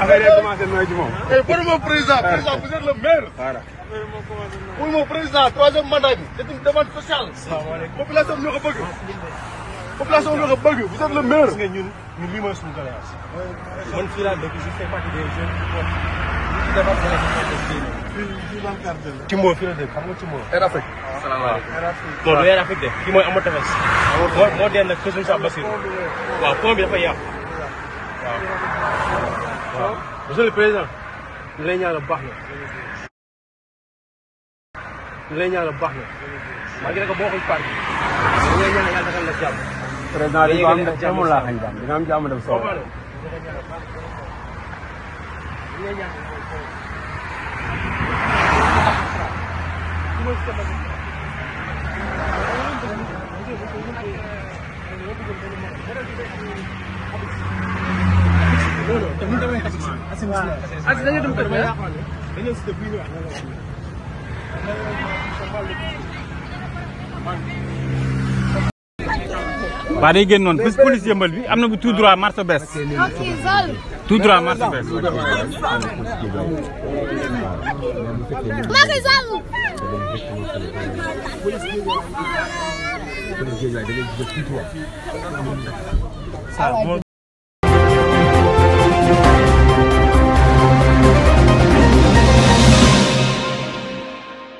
affaire yi commencé nooy ci pour mon président président vous êtes le maire. troisième mandat bi. c'est une demande sociale. population bi ñoo ko bëgg. population bi ñoo ko bëgg vous êtes le maire. gis nga ñun ñun lii mooy suñu doléance. man fii laa Timbo fii la dëkk xam nga Timbo. Air Afrique. salaamaaleykum Air Afrique. non du de kii mooy Amadou Tafes. moo moo dee nag Kër Saab Basir. waaw pont bi dafa yàqu. waaw. waaw monsieur le président. ñu lay ñaanal baax na. ñu lay ñaanal la jàmm. président di nga am ne amul laa xam jàmm dina waa day génnoon police yëmbal bi am na bu tu droit marche baisse directement fële fële Guédiawaye da ngay jël tout droit